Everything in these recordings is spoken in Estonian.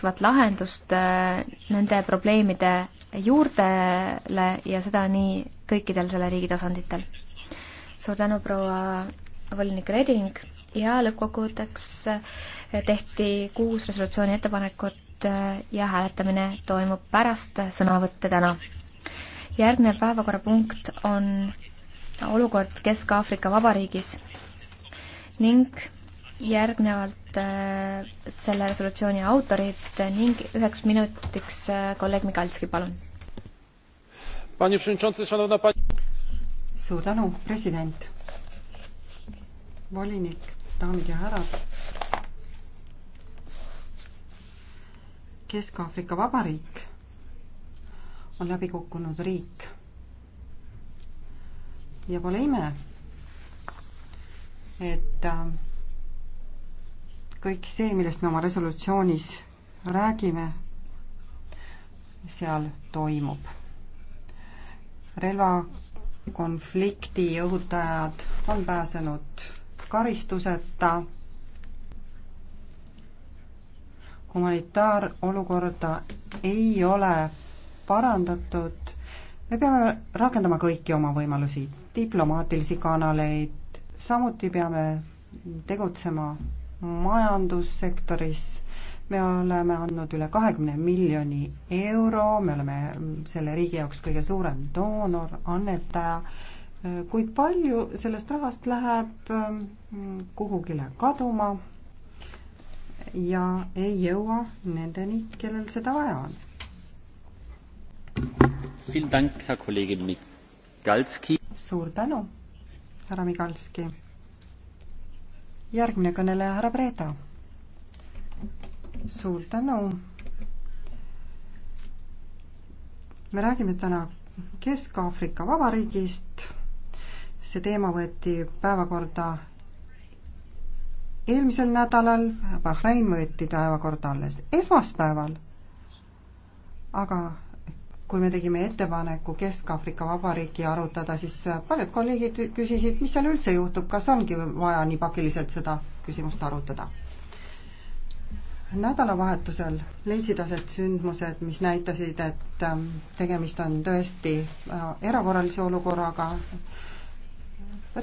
vastavat lahendust äh, nende probleemide juurdele ja seda nii kõikidel selle riigi tasanditel. suur tänu, proua volinik Reding ja lõppkokkuvõtteks äh, tehti kuus resolutsiooni ettepanekut äh, ja hääletamine toimub pärast sõnavõtte täna. järgnev päevakorrapunkt on olukord Kesk-Aafrika Vabariigis ning järgnevalt äh, selle resolutsiooni autorid ning üheks minutiks äh, kolleeg Mikalski, palun. suur tänu, president, volinik, daamid ja härrad. Kesk-Aafrika Vabariik on läbi kukkunud riik. ja pole ime, et äh, kõik see, millest me oma resolutsioonis räägime, seal toimub. relvakonflikti õhutajad on pääsenud karistuseta. humanitaarolukorda ei ole parandatud. me peame rakendama kõiki oma võimalusi, diplomaatilisi kanaleid, samuti peame tegutsema majandussektoris. me oleme andnud üle kahekümne miljoni euro, me oleme selle riigi jaoks kõige suurem doonor, annetaja, kuid palju sellest rahast läheb ähm, kuhugile kaduma ja ei jõua nendeni, kellel seda vaja on. suur tänu, härra Migalski järgmine kõneleja, härra Breda. suur tänu. me räägime täna Kesk-Aafrika Vabariigist. see teema võeti päevakorda eelmisel nädalal, Bahrein võeti päevakorda alles esmaspäeval. aga kui me tegime ettepaneku Kesk-Aafrika Vabariiki arutada, siis paljud kolleegid küsisid, mis seal üldse juhtub, kas ongi vaja nii pakiliselt seda küsimust arutada. nädalavahetusel leidsid aset sündmused, mis näitasid, et ähm, tegemist on tõesti äh, erakorralise olukorraga.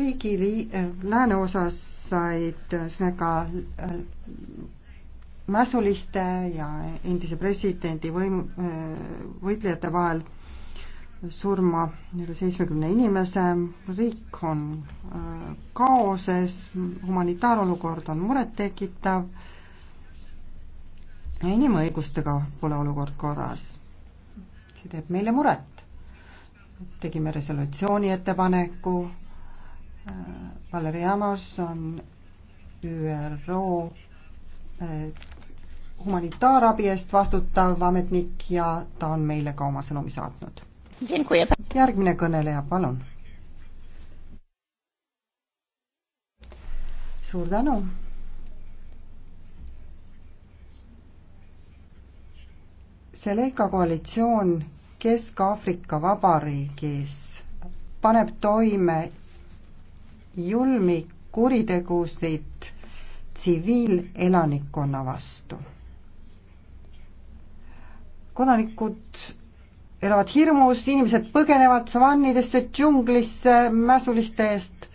riigi äh, lääneosas said ühesõnaga äh, mässuliste ja endise presidendi võim-, võitlejate vahel surma üle seitsmekümne inimese, riik on äh, kaoses, humanitaarolukord on murettekitav ja inimõigustega pole olukord korras. see teeb meile muret. tegime resolutsiooni ettepaneku, äh, Valeri Amos on ÜRO äh, humanitaarabi eest vastutav ametnik ja ta on meile ka oma sõnumi saatnud. järgmine kõneleja, palun. suur tänu. Seleka koalitsioon Kesk-Aafrika Vabariigis paneb toime julmi kuritegusid tsiviilelanikkonna vastu kodanikud elavad hirmus, inimesed põgenevad savannidesse, džunglisse mässuliste eest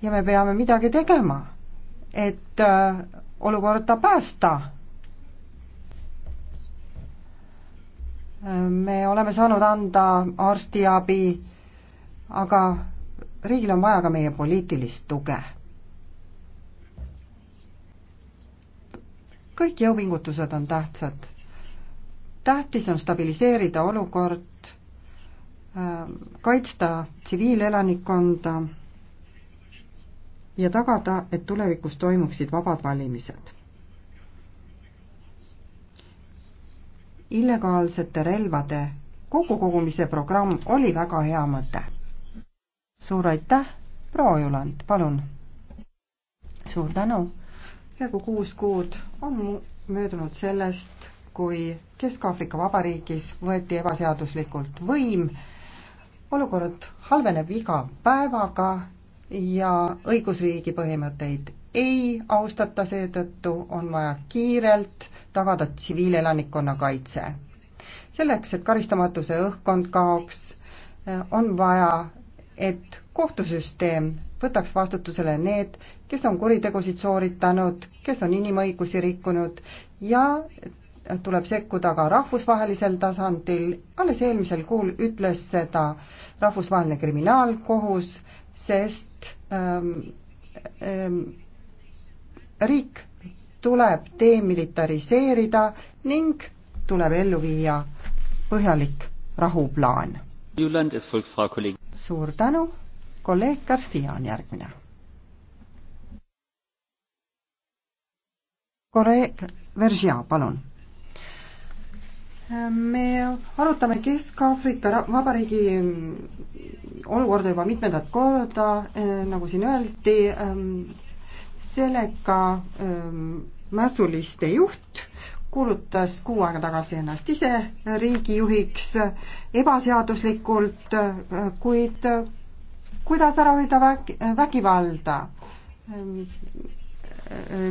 ja me peame midagi tegema, et äh, olukorda päästa äh, me oleme saanud anda arstiabi, aga riigil on vaja ka meie poliitilist tuge. kõik jõupingutused on tähtsad tähtis on stabiliseerida olukord, ähm, kaitsta tsiviilelanikkonda ja tagada, et tulevikus toimuksid vabad valimised. illegaalsete relvade kokkukogumise programm oli väga hea mõte. suur aitäh, proua Juland, palun! suur tänu! peaaegu kuus kuud on möödunud sellest, kui Kesk-Aafrika Vabariigis võeti ebaseaduslikult võim. olukord halveneb iga päevaga ja õigusriigi põhimõtteid ei austata, seetõttu on vaja kiirelt tagada tsiviilelanikkonna kaitse. selleks, et karistamatuse õhkkond kaoks, on vaja, et kohtusüsteem võtaks vastutusele need, kes on kuritegusid sooritanud, kes on inimõigusi rikkunud ja tuleb sekkuda ka rahvusvahelisel tasandil, alles eelmisel kuul ütles seda Rahvusvaheline Kriminaalkohus, sest ähm, ähm, riik tuleb demilitariseerida ning tuleb ellu viia põhjalik rahuplaan. suur tänu, kolleeg Garcia on järgmine. kolleeg Veržia, palun me arutame Kesk-Aafrika Vabariigi mm, olukorda juba mitmendat korda, eh, nagu siin öeldi, ehm, sellega ehm, mässuliste juht kuulutas kuu aega tagasi ennast ise riigijuhiks ebaseaduslikult, eh, kuid eh, kuidas ära hoida väg-, vägivalda? Ehm,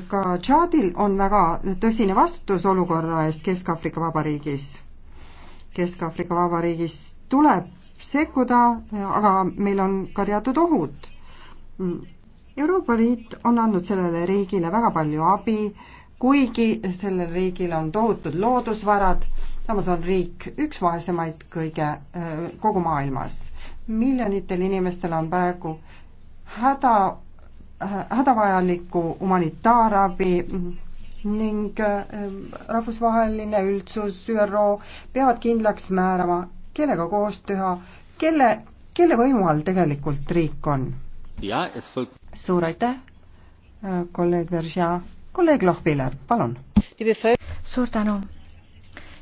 ka Tšaadil on väga tõsine vastutus olukorra eest Kesk-Aafrika Vabariigis. Kesk-Aafrika Vabariigis tuleb sekkuda, aga meil on ka teatud ohud. Euroopa Liit on andnud sellele riigile väga palju abi, kuigi sellel riigil on tohutud loodusvarad, samas on riik üks vaesemaid kõige, kogu maailmas. miljonitel inimestel on praegu häda Äh, hädavajalikku humanitaarabi ning ähm, rahvusvaheline üldsus, ÜRO peavad kindlaks määrama, kellega koos teha, kelle, kelle võimu all tegelikult riik on. suur aitäh, äh, kolleeg Veržia, kolleeg Lohviler, palun. suur tänu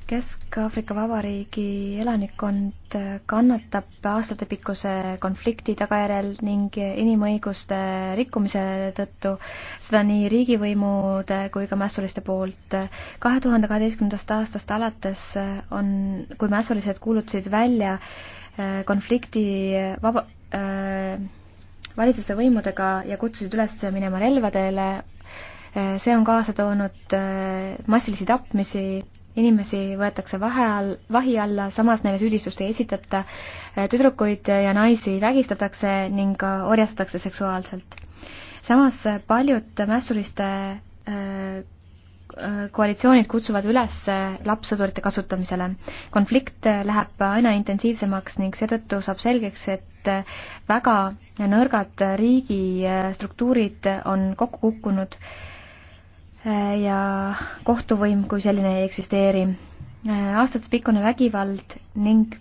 Kesk-Aafrika Vabariigi elanikkond kannatab aastatepikkuse konflikti tagajärjel ning inimõiguste rikkumise tõttu, seda nii riigivõimude kui ka mässuliste poolt. kahe tuhande kaheteistkümnendast aastast alates on, kui mässulised kuulutasid välja äh, konflikti vaba äh,, valitsuste võimudega ja kutsusid üles minema relvadele, äh, see on kaasa toonud äh, massilisi tapmisi inimesi võetakse vahe all, vahi alla, samas neile süüdistust ei esitata, tüdrukuid ja naisi vägistatakse ning orjastatakse seksuaalselt. samas paljud mässuliste äh, äh, koalitsioonid kutsuvad üles äh, lapssõdurite kasutamisele. konflikt läheb aina intensiivsemaks ning seetõttu saab selgeks, et väga nõrgad riigistruktuurid on kokku kukkunud ja kohtuvõim kui selline ei eksisteeri. aastatepikkune vägivald ning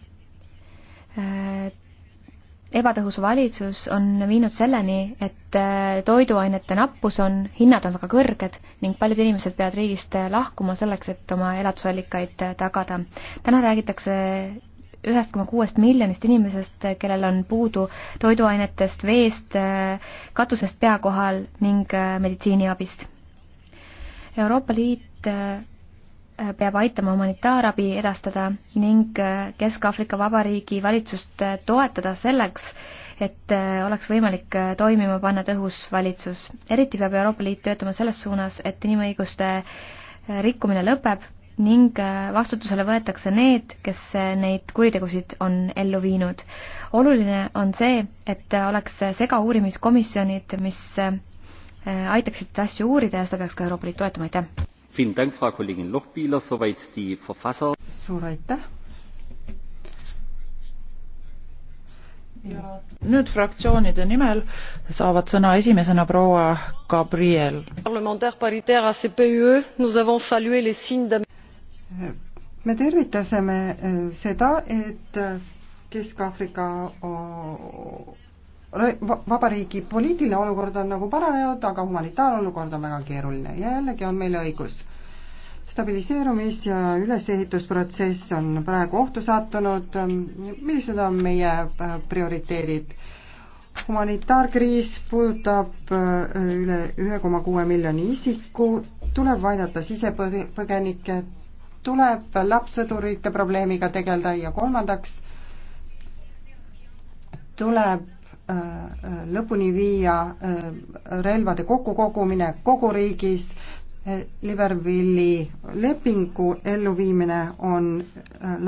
äh, ebatõhus valitsus on viinud selleni, et äh, toiduainete nappus on, hinnad on väga kõrged ning paljud inimesed peavad riigist äh, lahkuma selleks, et oma elatusallikaid tagada. täna räägitakse ühest koma kuuest miljonist inimesest, kellel on puudu toiduainetest, veest, katusest pea kohal ning meditsiiniabist Euroopa Liit äh, peab aitama humanitaarabi edastada ning äh, Kesk-Aafrika Vabariigi valitsust äh, toetada selleks, et oleks võimalik toimima panna tõhus valitsus. eriti peab Euroopa Liit töötama selles suunas, et inimõiguste rikkumine lõpeb ning vastutusele võetakse need, kes neid kuritegusid on ellu viinud. oluline on see, et oleks segauurimiskomisjonid, mis Äh, aitaksid seda asja uurida ja seda peaks ka Euroopa Liit toetama, aitäh! suur aitäh! Ja. nüüd fraktsioonide nimel saavad sõna esimesena proua Gabriel. E e, me tervitasime äh, seda, et Kesk-Aafrika vabariigi poliitiline olukord on nagu paranenud, aga humanitaarolukord on väga keeruline ja jällegi on meil õigus. stabiliseerumis- ja ülesehitusprotsess on praegu ohtu sattunud, millised on meie äh, prioriteedid? humanitaarkriis puudutab äh, üle ühe koma kuue miljoni isiku, tuleb aidata sisepõgenikke, tuleb lapssõdurite probleemiga tegeleda ja kolmandaks tuleb Äh, äh, lõpuni viia äh, relvade kokkukogumine kogu riigis, Libervilli lepingu elluviimine on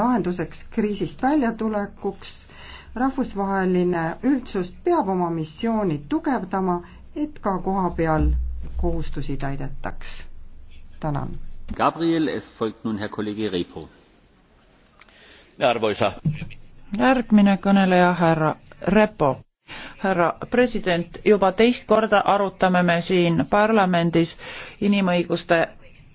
lahenduseks kriisist väljatulekuks, rahvusvaheline üldsus peab oma missiooni tugevdama, et ka kohapeal kohustusi täidetaks. tänan. Gabriel, es folgt nun herr kolleegi Reipo. arvoisa. järgmine kõneleja, härra Repo härra president, juba teist korda arutame me siin parlamendis inimõiguste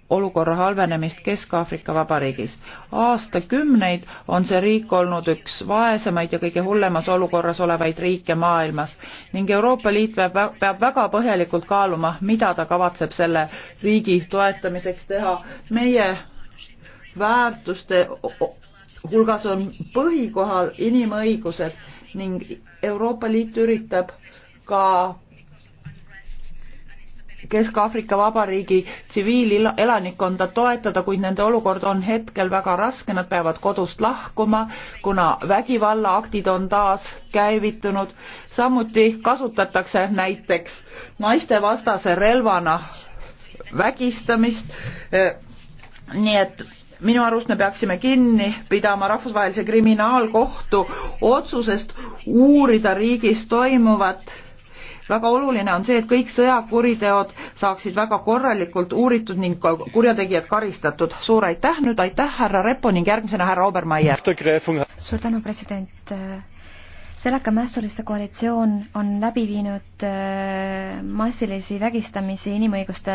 olukorra halvenemist Kesk-Aafrika Vabariigis. aastakümneid on see riik olnud üks vaesemaid ja kõige hullemas olukorras olevaid riike maailmas ning Euroopa Liit peab, peab väga põhjalikult kaaluma, mida ta kavatseb selle riigi toetamiseks teha. meie väärtuste hulgas on põhikohal inimõigused ning Euroopa Liit üritab ka Kesk-Aafrika Vabariigi tsiviilelanikkonda toetada, kuid nende olukord on hetkel väga raske, nad peavad kodust lahkuma, kuna vägivallaaktid on taas käivitunud. samuti kasutatakse näiteks naistevastase relvana vägistamist. nii et minu arust me peaksime kinni pidama rahvusvahelise kriminaalkohtu otsusest uurida riigis toimuvat. väga oluline on see, et kõik sõjakuriteod saaksid väga korralikult uuritud ning kurjategijad karistatud. suur aitäh, nüüd aitäh, härra Repo ning järgmisena härra Obermeier. suur tänu, president Selaka mässuliste koalitsioon on läbi viinud äh, massilisi vägistamisi inimõiguste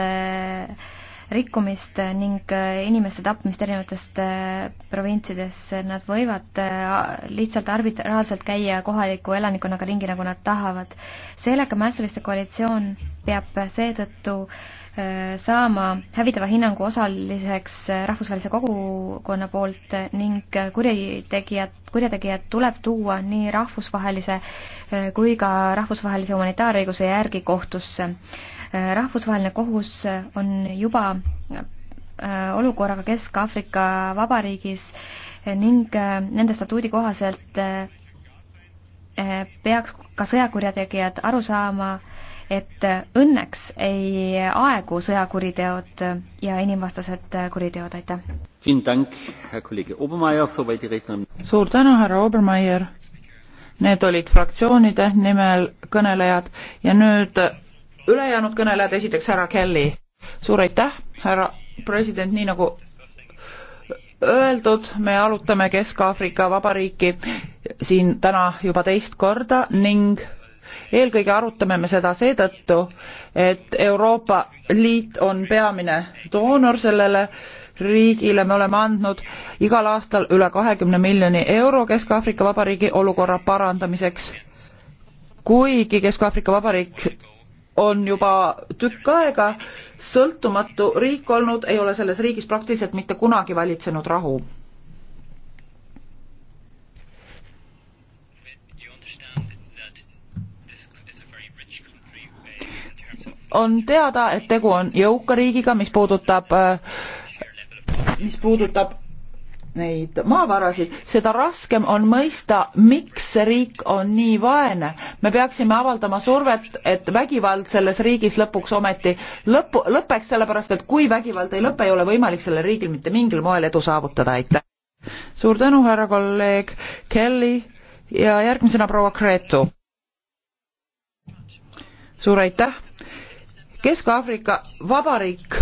rikkumist ning äh, inimeste tapmist erinevatest äh, provintsides. Nad võivad äh, lihtsalt arbitraarselt käia kohaliku elanikkonnaga ringi, nagu nad tahavad. seeläga mässuliste koalitsioon peab seetõttu saama hävitava hinnangu osaliseks rahvusvahelise kogukonna poolt ning kurjategijad, kurjategijad tuleb tuua nii rahvusvahelise kui ka rahvusvahelise humanitaarõiguse järgi kohtusse rahvusvaheline kohus on juba äh, olukorraga Kesk-Aafrika Vabariigis ning äh, nende statuudi kohaselt äh, peaks ka sõjakurjategijad aru saama, et õnneks ei aegu sõjakuriteod ja inimvastased kuriteod, aitäh! suur tänu, härra Obermeier! Need olid fraktsioonide nimel kõnelejad ja nüüd ülejäänud kõnelejad, esiteks härra Kelly, suur aitäh, härra president, nii nagu öeldud, me arutame Kesk-Aafrika Vabariiki siin täna juba teist korda ning eelkõige arutame me seda seetõttu, et Euroopa Liit on peamine doonor sellele riigile, me oleme andnud igal aastal üle kahekümne miljoni euro Kesk-Aafrika Vabariigi olukorra parandamiseks. kuigi Kesk-Aafrika Vabariik on juba tükk aega sõltumatu riik olnud, ei ole selles riigis praktiliselt mitte kunagi valitsenud rahu. on teada, et tegu on jõuka riigiga, mis puudutab, äh, mis puudutab neid maavarasid, seda raskem on mõista, miks see riik on nii vaene me peaksime avaldama survet, et vägivald selles riigis lõpuks ometi lõpu, lõpeks, sellepärast et kui vägivald ei lõpe, ei ole võimalik sellel riigil mitte mingil moel edu saavutada, aitäh. suur tänu, härra kolleeg Kelly ja järgmisena proua Gretu. suur aitäh. Kesk-Aafrika Vabariik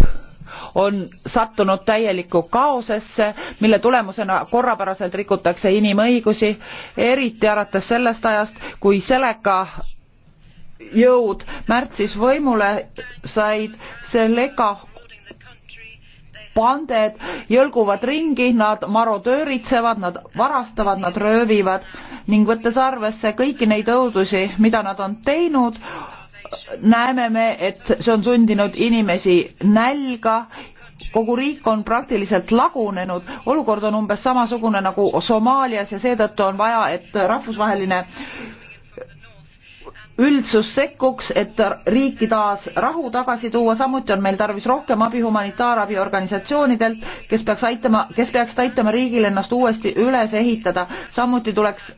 on sattunud täielikku kaosesse mille tulemusena korrapäraselt rikutakse inimõigusi eriti alates sellest ajast kui seleka jõud märtsis võimule said seleka panded jõlguvad ringi nad marodööritsevad nad varastavad nad röövivad ning võttes arvesse kõiki neid õudusi mida nad on teinud näeme me, et see on sundinud inimesi nälga, kogu riik on praktiliselt lagunenud, olukord on umbes samasugune nagu Somaalias ja seetõttu on vaja, et rahvusvaheline üldsus sekkuks, et riiki taas rahu tagasi tuua, samuti on meil tarvis rohkem abi humanitaarabiorganisatsioonidelt, kes peaks aitama, kes peaksid aitama riigil ennast uuesti üles ehitada, samuti tuleks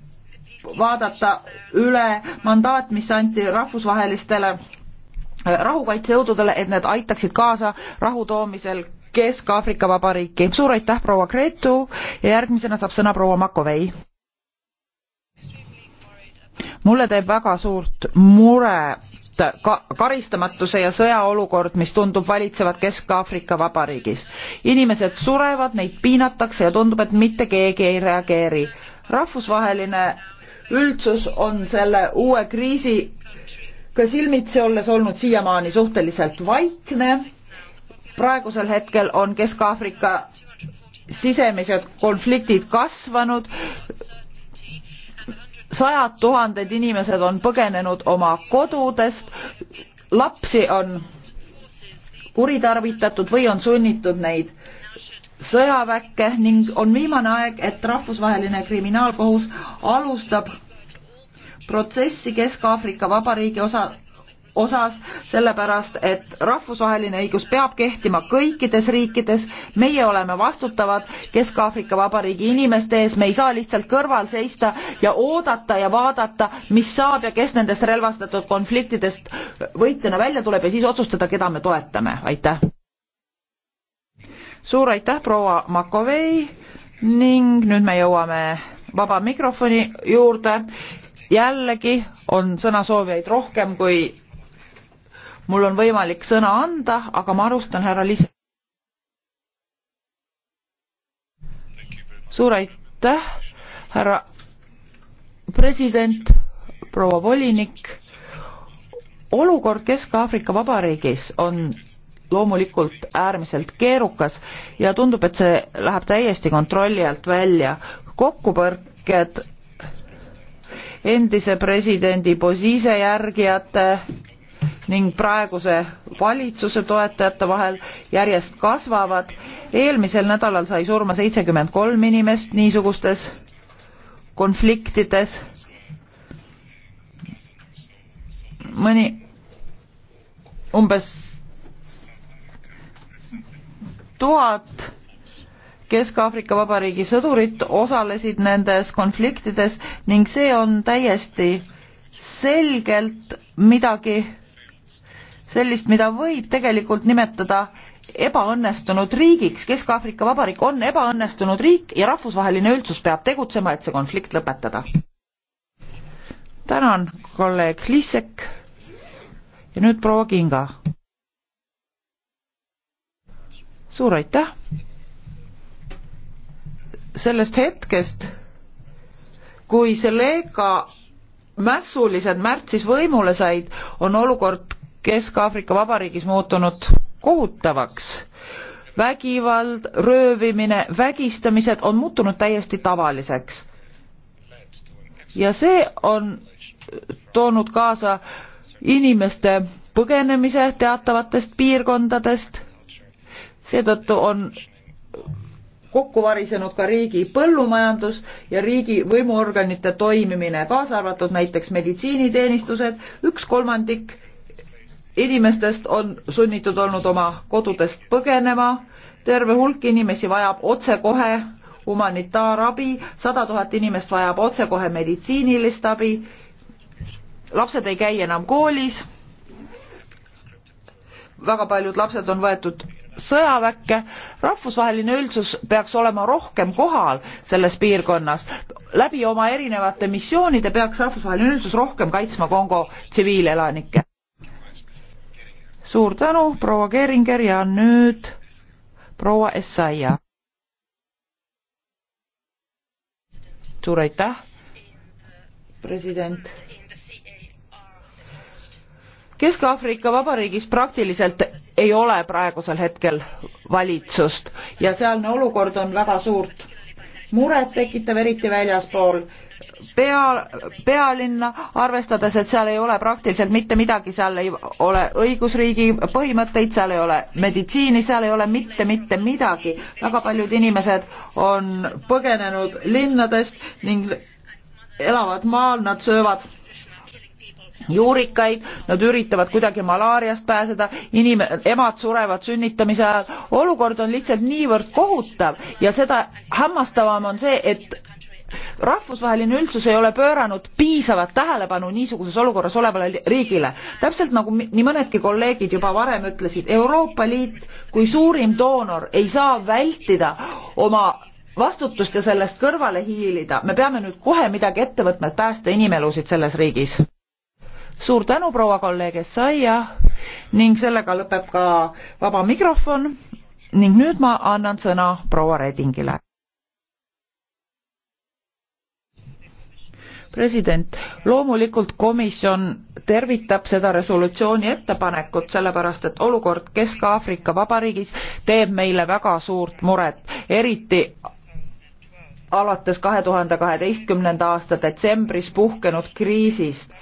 vaadata üle mandaat, mis anti rahvusvahelistele äh, rahukaitsejõududele, et need aitaksid kaasa rahu toomisel Kesk-Aafrika Vabariiki. suur aitäh, proua Gretu ja järgmisena saab sõna proua Makovei. mulle teeb väga suurt muret ka karistamatuse ja sõjaolukord, mis tundub valitsevat Kesk-Aafrika Vabariigis. inimesed surevad, neid piinatakse ja tundub, et mitte keegi ei reageeri. rahvusvaheline üldsus on selle uue kriisiga silmitsi olles olnud siiamaani suhteliselt vaikne. praegusel hetkel on Kesk-Aafrika sisemised konfliktid kasvanud, sajad tuhanded inimesed on põgenenud oma kodudest, lapsi on kuritarvitatud või on sunnitud neid sõjaväkke ning on viimane aeg, et rahvusvaheline kriminaalkohus alustab protsessi Kesk-Aafrika Vabariigi osa osas, sellepärast et rahvusvaheline õigus peab kehtima kõikides riikides, meie oleme vastutavad Kesk-Aafrika Vabariigi inimeste ees, me ei saa lihtsalt kõrval seista ja oodata ja vaadata, mis saab ja kes nendest relvastatud konfliktidest võitjana välja tuleb ja siis otsustada, keda me toetame, aitäh suur aitäh, proua Makovei ning nüüd me jõuame vaba mikrofoni juurde. jällegi on sõnasoovijaid rohkem, kui mul on võimalik sõna anda, aga ma alustan härra Liis-. suur aitäh, härra president, proua volinik. olukord Kesk-Aafrika Vabariigis on loomulikult äärmiselt keerukas ja tundub, et see läheb täiesti kontrolli alt välja. kokkupõrked endise presidendi Bozise järgijate ning praeguse valitsuse toetajate vahel järjest kasvavad. eelmisel nädalal sai surma seitsekümmend kolm inimest niisugustes konfliktides. mõni umbes tuhat Kesk-Aafrika Vabariigi sõdurit osalesid nendes konfliktides ning see on täiesti selgelt midagi sellist, mida võib tegelikult nimetada ebaõnnestunud riigiks, Kesk-Aafrika Vabariik on ebaõnnestunud riik ja rahvusvaheline üldsus peab tegutsema, et see konflikt lõpetada. tänan, kolleeg Lissek ja nüüd proua Kinga suur aitäh! sellest hetkest, kui Seleka mässulised märtsis võimule said, on olukord Kesk-Aafrika Vabariigis muutunud kohutavaks. vägivald, röövimine, vägistamised on muutunud täiesti tavaliseks. ja see on toonud kaasa inimeste põgenemise teatavatest piirkondadest seetõttu on kokku varisenud ka riigi põllumajandus ja riigi võimuorganite toimimine, kaasa arvatud näiteks meditsiiniteenistused, üks kolmandik inimestest on sunnitud olnud oma kodudest põgenema, terve hulk inimesi vajab otsekohe humanitaarabi, sada tuhat inimest vajab otsekohe meditsiinilist abi, lapsed ei käi enam koolis, väga paljud lapsed on võetud sõjaväkke rahvusvaheline üldsus peaks olema rohkem kohal selles piirkonnas läbi oma erinevate missioonide peaks rahvusvaheline üldsus rohkem kaitsma kongo tsiviilelanikke suur tänu proua Geringer ja nüüd proua Essaia suur aitäh president Kesk-Aafrika Vabariigis praktiliselt ei ole praegusel hetkel valitsust ja sealne olukord on väga suurt muret tekitav, eriti väljaspool pea, pealinna, arvestades, et seal ei ole praktiliselt mitte midagi, seal ei ole õigusriigi põhimõtteid, seal ei ole meditsiini, seal ei ole mitte, mitte midagi. väga paljud inimesed on põgenenud linnadest ning elavad maal, nad söövad juurikaid, nad üritavad kuidagi malaariast pääseda, inim-, emad surevad sünnitamise ajal, olukord on lihtsalt niivõrd kohutav ja seda hämmastavam on see, et rahvusvaheline üldsus ei ole pööranud piisavat tähelepanu niisuguses olukorras olevale riigile. täpselt nagu nii mõnedki kolleegid juba varem ütlesid, Euroopa Liit kui suurim doonor ei saa vältida oma vastutust ja sellest kõrvale hiilida, me peame nüüd kohe midagi ette võtma, et päästa inimelusid selles riigis suur tänu, proua kolleeg Essaia ning sellega lõpeb ka vaba mikrofon ning nüüd ma annan sõna proua Redingile. president, loomulikult komisjon tervitab seda resolutsiooni ettepanekut, sellepärast et olukord Kesk-Aafrika Vabariigis teeb meile väga suurt muret, eriti alates kahe tuhande kaheteistkümnenda aasta detsembris puhkenud kriisist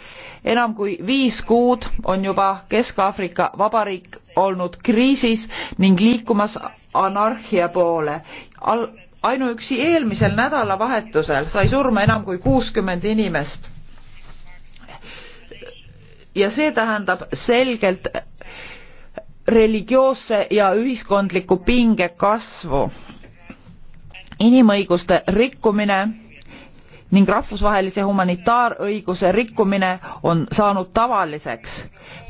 enam kui viis kuud on juba Kesk-Aafrika Vabariik olnud kriisis ning liikumas anarhia poole. Al ainuüksi eelmisel nädalavahetusel sai surma enam kui kuuskümmend inimest. ja see tähendab selgelt religioosse ja ühiskondliku pinge kasvu. inimõiguste rikkumine ning rahvusvahelise humanitaarõiguse rikkumine on saanud tavaliseks.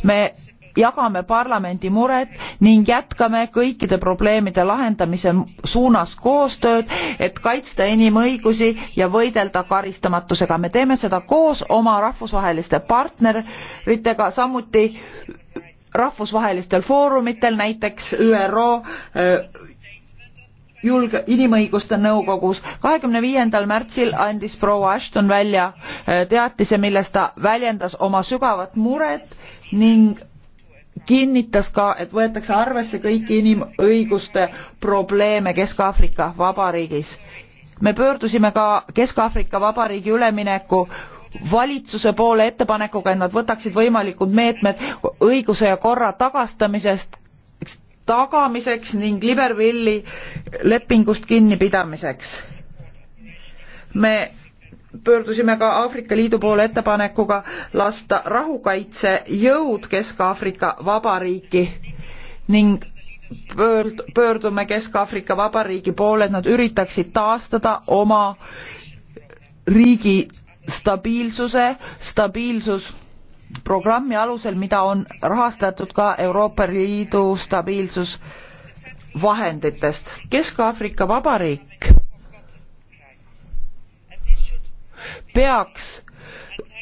me jagame parlamendi muret ning jätkame kõikide probleemide lahendamise suunas koostööd et kaitsta inimõigusi ja võidelda karistamatusega me teeme seda koos oma rahvusvaheliste partneritega samuti rahvusvahelistel foorumitel näiteks üro äh, julge-, inimõiguste nõukogus. kahekümne viiendal märtsil andis proua Ashton välja äh, teatise, milles ta väljendas oma sügavat muret ning kinnitas ka, et võetakse arvesse kõiki inimõiguste probleeme Kesk-Aafrika Vabariigis. me pöördusime ka Kesk-Aafrika Vabariigi ülemineku valitsuse poole ettepanekuga, et nad võtaksid võimalikud meetmed õiguse ja korra tagastamisest tagamiseks ning Libervilli lepingust kinnipidamiseks. me pöördusime ka Aafrika Liidu poole ettepanekuga lasta rahukaitsejõud Kesk-Aafrika Vabariiki ning pöörd-, pöördume Kesk-Aafrika Vabariigi poole, et nad üritaksid taastada oma riigi stabiilsuse, stabiilsus programmi alusel, mida on rahastatud ka Euroopa Liidu stabiilsusvahenditest. Kesk-Aafrika Vabariik peaks,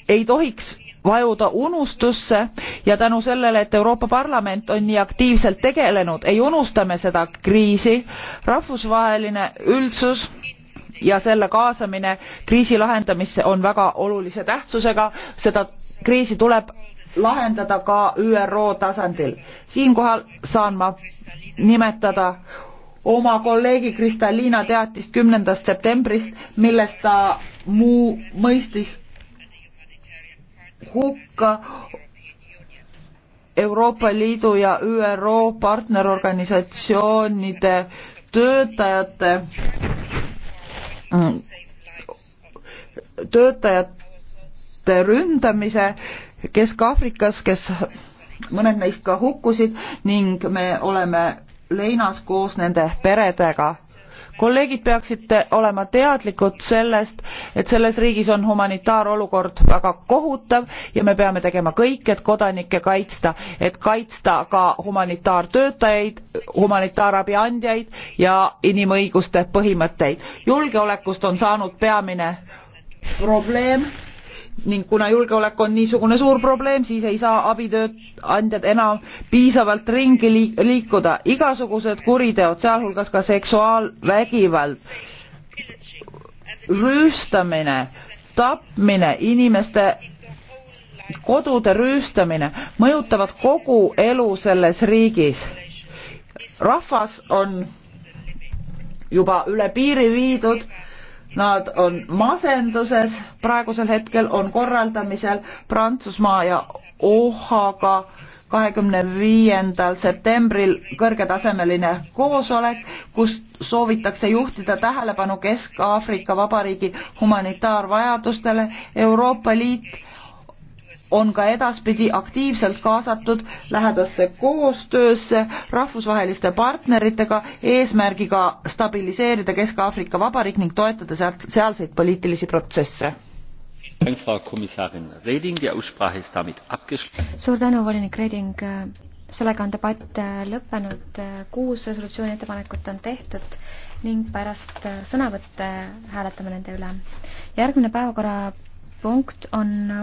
ei tohiks vajuda unustusse ja tänu sellele et euroopa parlament on nii aktiivselt tegelenud ei unusta me seda kriisi rahvusvaheline üldsus ja selle kaasamine kriisi lahendamisse on väga olulise tähtsusega seda kriisi tuleb lahendada ka ÜRO tasandil. siinkohal saan ma nimetada oma kolleegi Kristalina teatist kümnendast septembrist, milles ta muu mõistis hukka Euroopa Liidu ja ÜRO partnerorganisatsioonide töötajate mm, töötajad inimeste ründamise Kesk-Aafrikas, kes mõned meist ka hukkusid ning me oleme leinas koos nende peredega. kolleegid peaksid olema teadlikud sellest, et selles riigis on humanitaarolukord väga kohutav ja me peame tegema kõik, et kodanikke kaitsta, et kaitsta ka humanitaartöötajaid, humanitaarabi andjaid ja inimõiguste põhimõtteid. julgeolekust on saanud peamine probleem ning kuna julgeolek on niisugune suur probleem, siis ei saa abitööandjad enam piisavalt ringi liikuda. igasugused kuriteod, sealhulgas ka seksuaalvägivald, rüüstamine, tapmine, inimeste kodude rüüstamine mõjutavad kogu elu selles riigis. rahvas on juba üle piiri viidud Nad on masenduses, praegusel hetkel on korraldamisel Prantsusmaa ja OHA-ga kahekümne viiendal septembril kõrgetasemeline koosolek, kus soovitakse juhtida tähelepanu Kesk-Aafrika Vabariigi humanitaarvajadustele. Euroopa Liit on ka edaspidi aktiivselt kaasatud lähedasse koostöösse rahvusvaheliste partneritega eesmärgiga stabiliseerida Kesk-Aafrika Vabariik ning toetada sealt, sealseid poliitilisi protsesse. suur tänu, volinik Reding. sellega on debatt äh, lõppenud, kuus resolutsiooni ettepanekut on tehtud ning pärast äh, sõnavõtte hääletame nende üle. järgmine päevakorrapunkt on olu-.